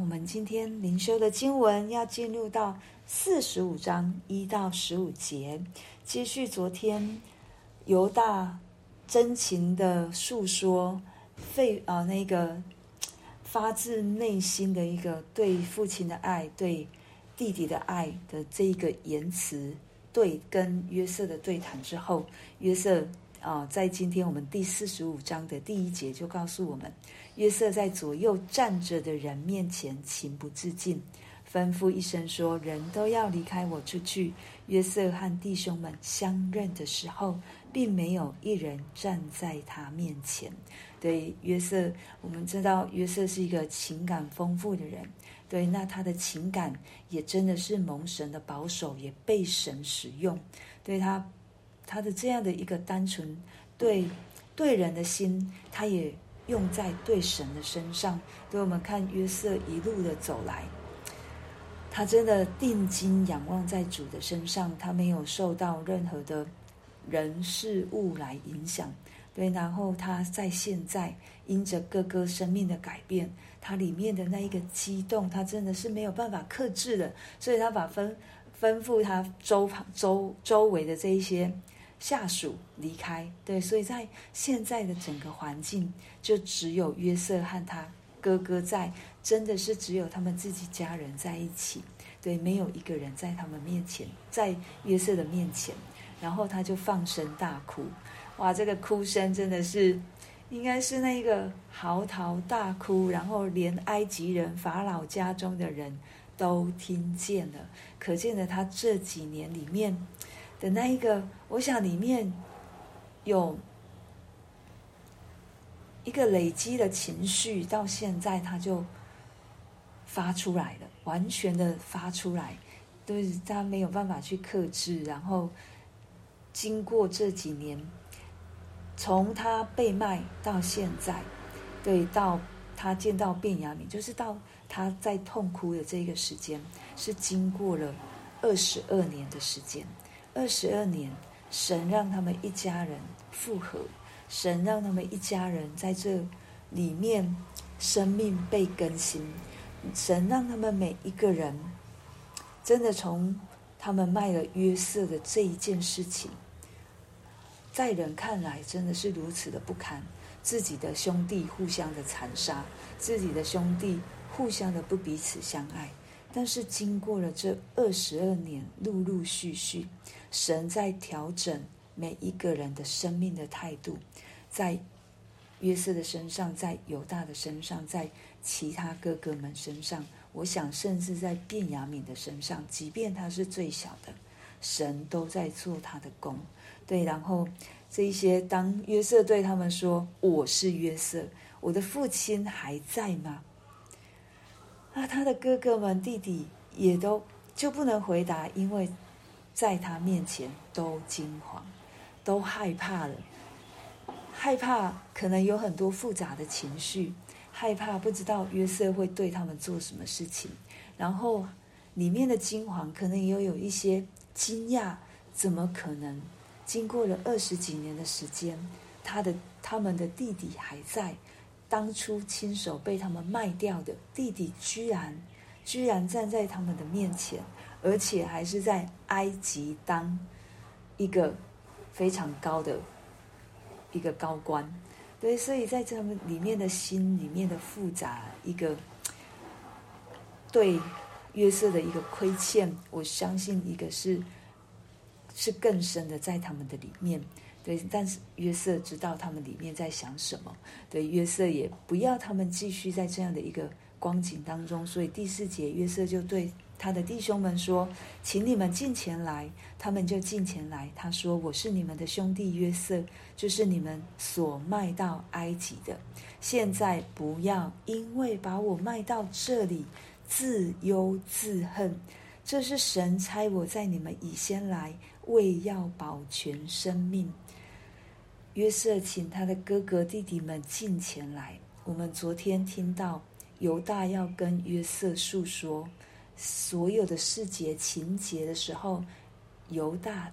我們今天靈修的經文要進入到四十五章一到十五節，繼續昨天猶大真情的訴說，費啊那個發自內心的一個對父親的愛、對弟弟的愛的這一個言辭，對，跟約瑟的對談之後，約瑟啊在今天我們第四十五章的第一節就告訴我們。約瑟在左右站着的人面前情不自禁，吩咐一聲說：“人都要離開我出去。”約瑟和弟兄們相認的時候，並沒有一人站在他面前。對約瑟，我們知道約瑟是一個情感豐富的人。對，那他的情感也真的是蒙神的保守，也被神使用。對他，他的這樣的一個單純對，對對人的心，他也。用在對神的身上，對，我們看約瑟一路的走來，他真的定睛仰望在主的身上，他沒有受到任何的人事物來影響，對，然後他在現在因着哥哥生命的改變，他裡面的那一個激動，他真的是沒有辦法克制的，所以他把吩吩咐他周旁周周圍的這一些。下屬離開，對，所以在現在的整個環境，就只有約瑟和他哥哥在，真的是只有他們自己家人在一起，對，沒有一個人在他們面前，在約瑟的面前，然後他就放聲大哭，哇，這個哭聲真的是，應該是那個嚎啕大哭，然後連埃及人法老家中的人都聽見了，可見的他這幾年裡面。的那一個，我想裡面有一個累積的情緒，到現在他就發出來了，完全的發出來，對他沒有辦法去克制。然後經過這幾年，從他被賣到現在，對，到他見到便雅憫，就是到他在痛哭的這個時間，是經過了二十二年的時間。二十二年，神讓他們一家人復合，神讓他們一家人在這裡面生命被更新，神讓他們每一個人真的從他們賣了約瑟的這一件事情，在人看來真的是如此的不堪，自己的兄弟互相的殘殺，自己的兄弟互相的不彼此相愛，但是經過了這二十二年，陸陸續續。神在調整每一個人的生命的態度，在約瑟的身上，在猶大的身上，在其他哥哥們身上，我想，甚至在便雅憫的身上，即便他是最小的，神都在做他的工。對，然後這一些，當約瑟對他們說：“我是約瑟，我的父親還在嗎？”啊，他的哥哥們、弟弟也都就不能回答，因為。在他面前都驚慌，都害怕了，害怕可能有很多複雜的情緒，害怕不知道約瑟會對他們做什麼事情。然後裡面的驚慌可能也有一些驚訝，怎麼可能？經過了二十幾年的時間，他的他們的弟弟還在，當初親手被他們賣掉的弟弟，居然居然站在他們的面前。而且還是在埃及當一個非常高的一個高官，對，所以在他們裡面的心裡面的複雜一個對約瑟的一個虧欠，我相信一個是是更深的在他們的裡面，對，但是約瑟知道他們裡面在想什麼，對，約瑟也不要他們繼續在這樣的一個光景當中，所以第四節約瑟就對。他的弟兄們說：“請你們進前來。”他們就進前來。他說：“我是你們的兄弟約瑟，就是你們所賣到埃及的。現在不要因為把我賣到這裡，自憂自恨。這是神差我在你們以先來，為要保全生命。”約瑟請他的哥哥弟弟們進前來。我們昨天聽到猶大要跟約瑟訴說。所有的細節情節的時候，猶大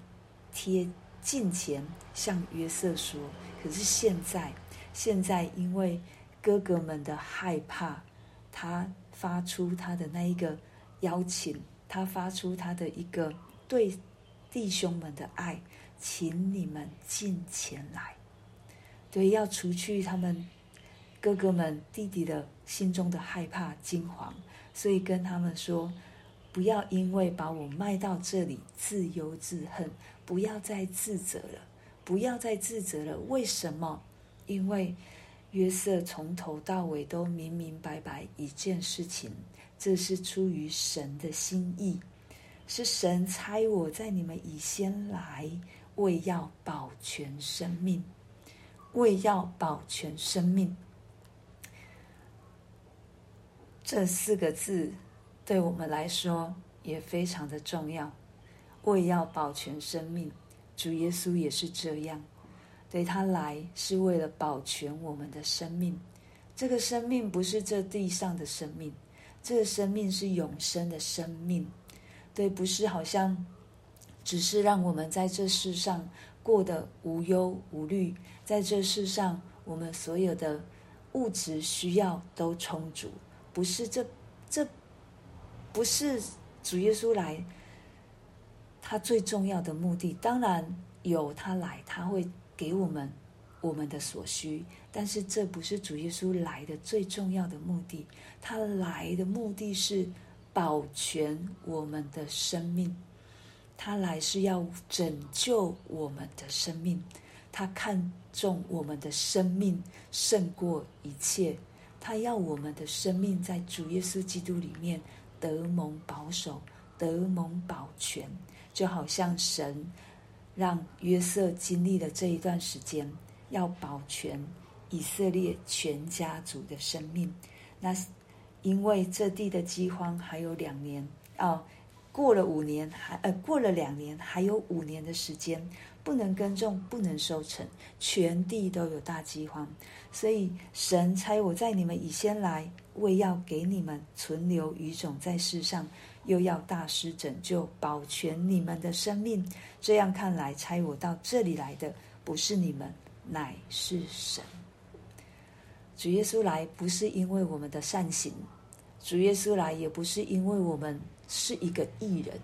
貼近前向約瑟說：“可是現在，現在因為哥哥們的害怕，他發出他的那一個邀請，他發出他的一個對弟兄們的愛，請你們進前來，對，要除去他們哥哥們弟弟的心中的害怕驚慌。”所以跟他們說，不要因為把我賣到這裡自憂自恨，不要再自責了，不要再自責了。為什麼？因為約瑟從頭到尾都明明白白一件事情，這是出於神的心意，是神差我在你們以先來，為要保全生命，為要保全生命。這四個字對我們來說也非常的重要。為要保全生命，主耶穌也是這樣，對他來是為了保全我們的生命。這個生命不是這地上的生命，這個生命是永生的生命。對，不是好像只是讓我們在這世上過得無憂無慮，在這世上我們所有的物質需要都充足。不是這，這不是主耶穌來，他最重要的目的。當然有他來，他會給我們我們的所需，但是這不是主耶穌來的最重要的目的。他來的目的是保全我們的生命，他來是要拯救我們的生命，他看重我們的生命勝過一切。他要我們的生命在主耶穌基督裡面得蒙保守，得蒙保全，就好像神讓約瑟經歷了這一段時間，要保全以色列全家族的生命。那是因為這地的饑荒還有兩年啊、哦，過了五年還呃過了兩年還有五年的時間。不能耕種，不能收成，全地都有大饑荒，所以神差我在你們以先來，為要給你們存留餘種在世上，又要大施拯救保全你們的生命。這樣看來，差我到這裡來的不是你們，乃是神。主耶穌來不是因為我們的善行，主耶穌來也不是因為我們是一個義人。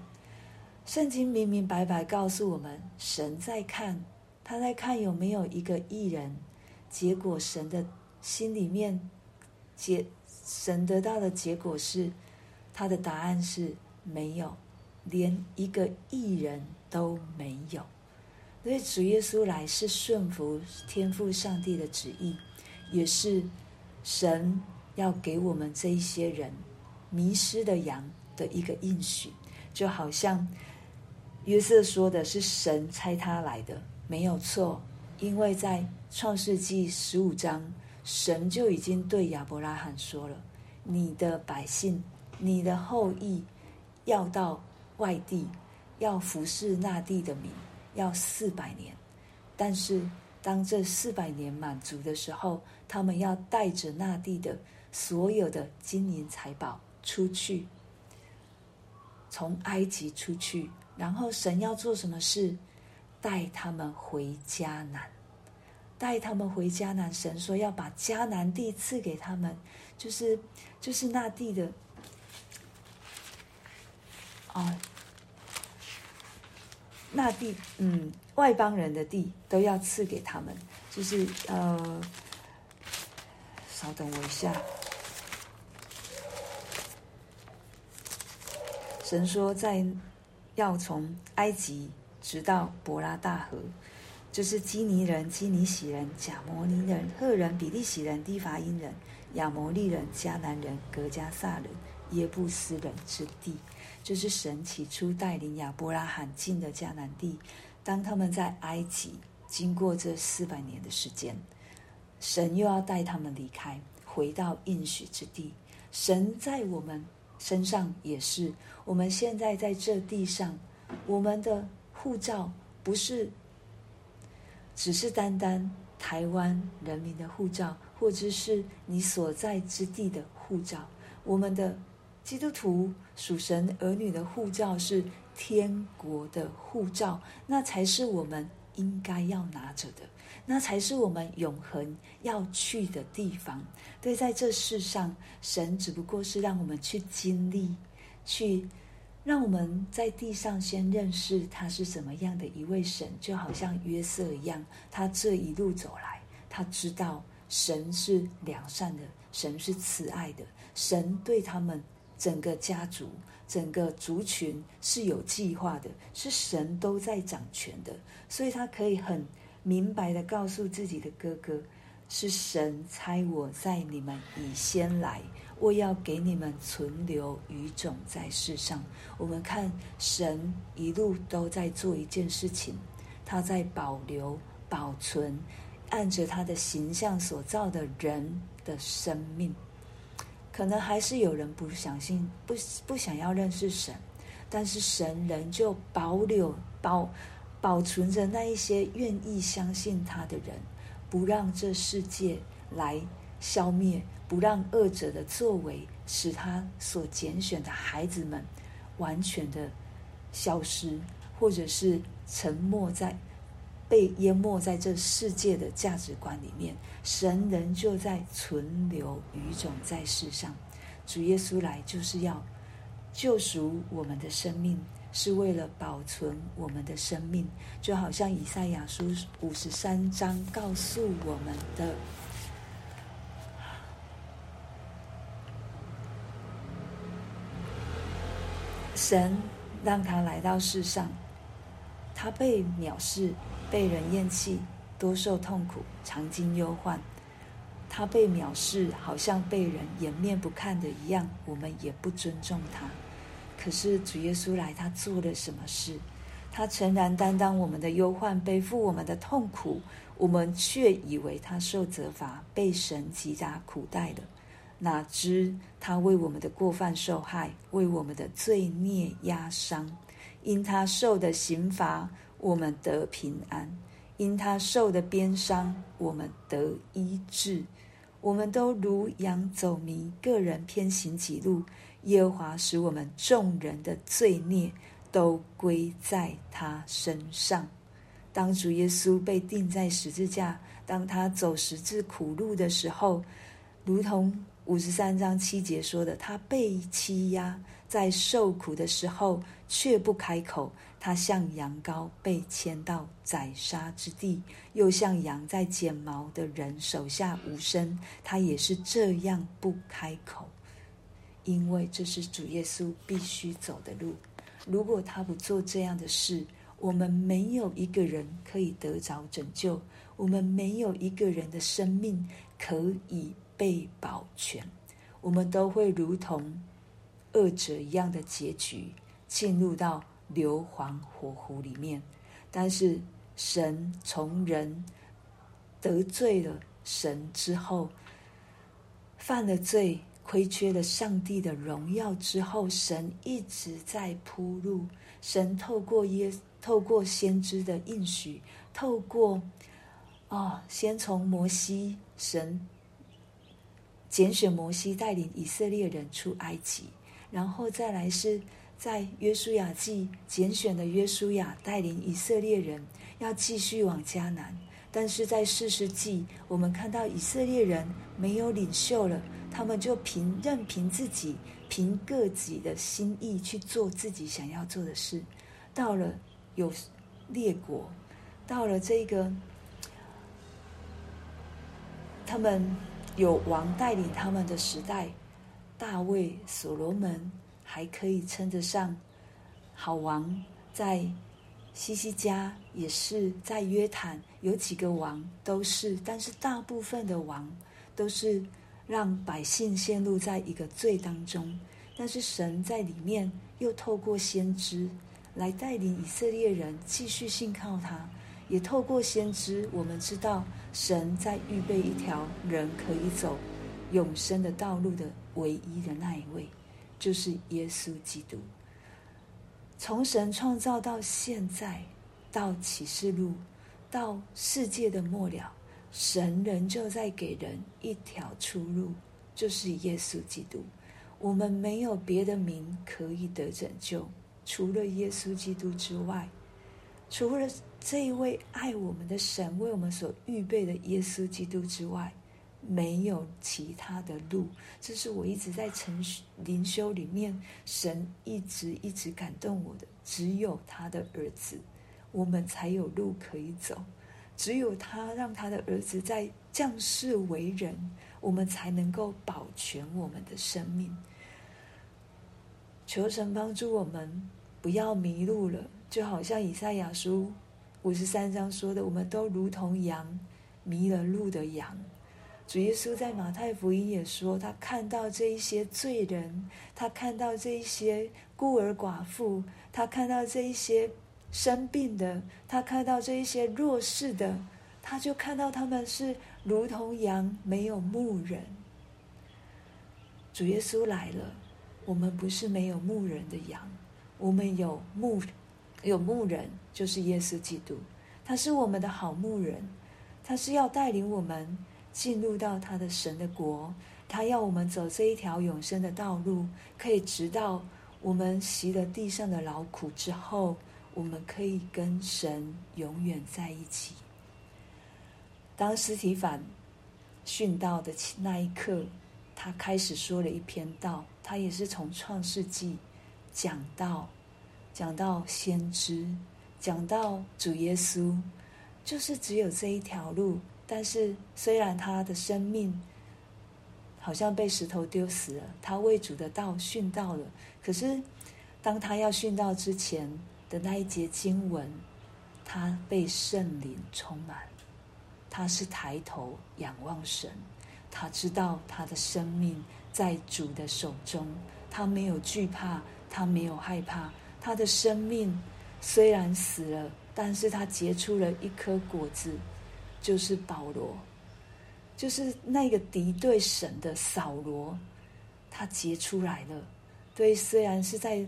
聖經明明白白告訴我們，神在看，他在看有沒有一個義人。結果神的心裡面結，神得到的結果是，他的答案是沒有，連一個義人都沒有。所以主耶穌來是順服天父上帝的旨意，也是神要給我們這一些人迷失的羊的一個應許，就好像。約瑟說的是神差他來的，沒有錯，因為在創世紀十五章，神就已經對亞伯拉罕說了：“你的百姓，你的後裔，要到外地，要服侍那地的民，要四百年。但是當這四百年滿足的時候，他們要帶着那地的所有的金銀財寶出去，從埃及出去。”然後神要做什麼事？帶他們回迦南，帶他們回迦南。神說要把迦南地賜給他們，就是就是那地的，哦，那地，嗯，外邦人的地都要賜給他們，就是呃，稍等我一下，神說在。要從埃及直到伯拉大河，這，就是基尼人、基尼洗人、甲摩尼人、赫人、比利洗人、地法因人、亞摩利人、迦南人、革迦撒人、耶布斯人之地。這，就是神起初帶領亞伯拉罕進的迦南地。當他們在埃及經過這四百年的時間，神又要帶他們離開，回到應許之地。神在我們。身上也是，我們現在在這地上，我們的護照不是只是單單台灣人民的護照，或者是你所在之地的護照。我們的基督徒屬神兒女的護照是天國的護照，那才是我們。應該要拿着的，那才是我們永恆要去的地方。對，在這世上，神只不過是讓我們去經歷，去讓我們在地上先認識他是怎麼樣的一位神，就好像約瑟一樣，他這一路走來，他知道神是良善的，神是慈愛的，神對他們整個家族，整個族群是有計劃的，是神都在掌權的，所以他可以很明白的告訴自己的哥哥：“是神差我在你們以先來，我要給你們存留餘種在世上。”我們看神一路都在做一件事情，他在保留、保存，按着他的形象所造的人的生命。可能還是有人不相信，不不想要認識神，但是神仍舊保留、保保存着那一些願意相信他的人，不讓這世界來消滅，不讓惡者的作為使他所揀選的孩子們完全的消失，或者是沉默在。被淹沒在這世界的價值觀裡面，神仍舊在存留餘種在世上。主耶穌來就是要救贖我們的生命，是為了保存我們的生命。就好像以賽亞書五十三章告訴我們的，神讓他來到世上。他被藐視，被人厭棄，多受痛苦，常經憂患。他被藐視，好像被人掩面不看的一樣，我們也不尊重他。可是主耶穌來，他做了什麼事？他誠然擔當我們的憂患，背負我們的痛苦，我們卻以為他受責罰，被神擊打苦待了。哪知他為我們的過犯受害，為我們的罪孽壓傷。因他受的刑罰，我們得平安；因他受的鞭傷，我們得醫治。我們都如羊走迷，各人偏行己路。耶和華使我們眾人的罪孽都歸在他身上。當主耶穌被釘在十字架，當他走十字苦路的時候，如同。五十三章七節說的，他被欺壓，在受苦的時候卻不開口；他像羊羔被牽到宰殺之地，又像羊在剪毛的人手下無聲。他也是這樣不開口，因為這是主耶穌必須走的路。如果他不做這樣的事，我們沒有一個人可以得着拯救，我們沒有一個人的生命可以。被保全，我們都會如同惡者一樣的結局，進入到硫磺火湖裡面。但是，神從人得罪了神之後，犯了罪，虧缺了上帝的榮耀之後，神一直在鋪路。神透過耶，透過先知的應許，透過啊、哦，先從摩西神。揀選摩西帶領以色列人出埃及，然後再來是在約書亞記揀選的約書亞帶領以色列人要繼續往迦南，但是在士師記我們看到以色列人沒有領袖了，他們就憑任憑自己，憑各己的心意去做自己想要做的事。到了有列國，到了這個，他們。有王帶領他們的時代，大衛、所羅門還可以稱得上好王。在希西家也是，在約坦有幾個王都是，但是大部分的王都是讓百姓陷入在一個罪當中。但是神在裡面又透過先知來帶領以色列人繼續信靠他。也透過先知，我們知道神在預備一條人可以走永生的道路的唯一的那一位，就是耶穌基督。從神創造到現在，到啟示錄，到世界的末了，神仍舊在給人一條出路，就是耶穌基督。我們沒有別的名可以得拯救，除了耶穌基督之外，除了。這一位愛我們的神為我們所預備的耶穌基督之外，沒有其他的路。這是我一直在晨靈修裡面神一直一直感動我的，只有他的兒子，我們才有路可以走。只有他讓他的兒子在降世為人，我們才能夠保全我們的生命。求神幫助我們不要迷路了，就好像以賽亞書五十三章說的，我們都如同羊迷了路的羊。主耶穌在馬太福音也說，他看到這一些罪人，他看到這一些孤兒寡婦，他看到這一些生病的，他看到這一些弱勢的，他就看到他們是如同羊沒有牧人。主耶穌來了，我們不是沒有牧人的羊，我們有牧。有牧人，就是耶穌基督，他是我們的好牧人，他是要帶領我們進入到他的神的國，他要我們走這一條永生的道路，可以直到我們息了地上的勞苦之後，我們可以跟神永遠在一起。當司提反殉道的那一刻，他開始說了一篇道，他也是從創世記講到。講到先知，講到主耶穌，就是只有這一條路。但是，雖然他的生命好像被石頭丟死了，他為主的道殉道了。可是，當他要殉道之前的那一節經文，他被聖靈充滿，他是抬頭仰望神，他知道他的生命在主的手中，他沒有懼怕，他沒有害怕。他的生命雖然死了，但是他結出了一顆果子，就是保羅，就是那個敵對神的掃羅，他結出來了。對，雖然是在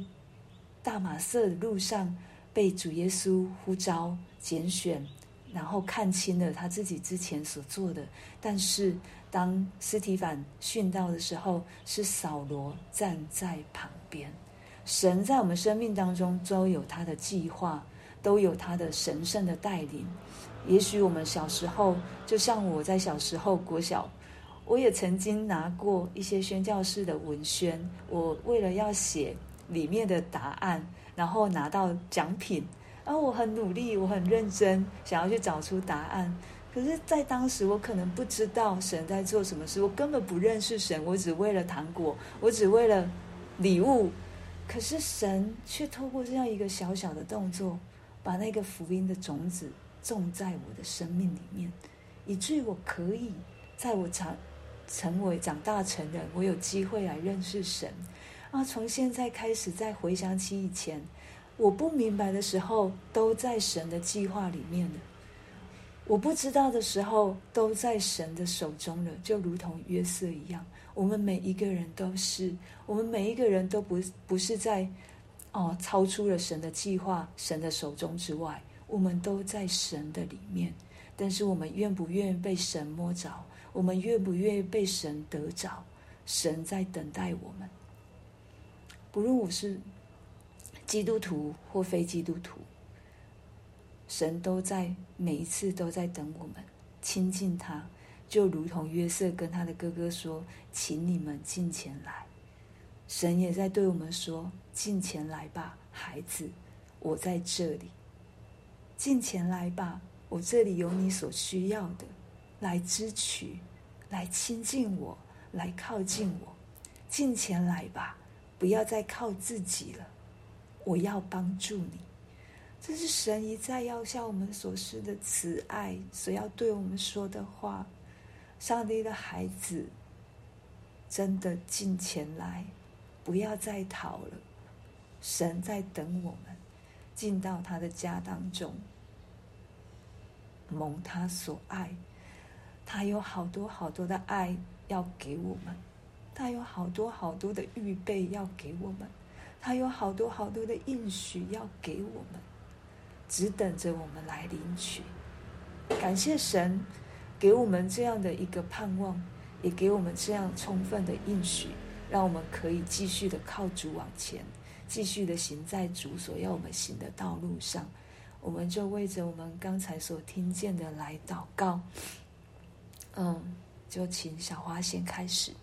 大馬色的路上被主耶穌呼召揀選，然後看清了他自己之前所做的，但是當司提反殉道的時候，是掃羅站在旁邊。神在我們生命當中都有他的計劃，都有他的神聖的帶領。也許我們小時候，就像我在小時候國小，我也曾經拿過一些宣教士的文宣，我為了要寫裡面的答案，然後拿到獎品，而我很努力，我很認真，想要去找出答案。可是，在當時我可能不知道神在做什麼事，我根本不認識神，我只為了糖果，我只為了禮物。可是神卻透過這樣一個小小的動作，把那個福音的種子種在我的生命裡面，以至於我可以在我長成為長大成人，我有機會來認識神啊！從現在開始，再回想起以前，我不明白的時候，都在神的計劃裡面了。我不知道的時候，都在神的手中了，就如同約瑟一樣。我們每一個人都是，我們每一個人都不不是在哦超出了神的計劃、神的手中之外，我們都在神的裡面。但是我們願不願意被神摸着？我們願不願意被神得着？神在等待我們，不論我是基督徒或非基督徒。神都在，每一次都在等我們親近他，就如同約瑟跟他的哥哥說：“請你們近前來。”神也在對我們說：“近前來吧，孩子，我在這裡。近前來吧，我這裡有你所需要的，來支取，來親近我，來靠近我。近前來吧，不要再靠自己了，我要幫助你。”這是神一再要向我們所施的慈愛，所要對我們說的話。上帝的孩子，真的近前來，不要再逃了。神在等我們進到他的家當中，蒙他所愛。他有好多好多的愛要給我們，他有好多好多的預備要給我們，他有好多好多的應許要給我們。只等着我們來領取，感謝神給我們這樣的一個盼望，也給我們這樣充分的應許，讓我們可以繼續的靠主往前，繼續的行在主所要我們行的道路上。我們就為着我們剛才所聽見的來禱告。嗯，就請小花先開始。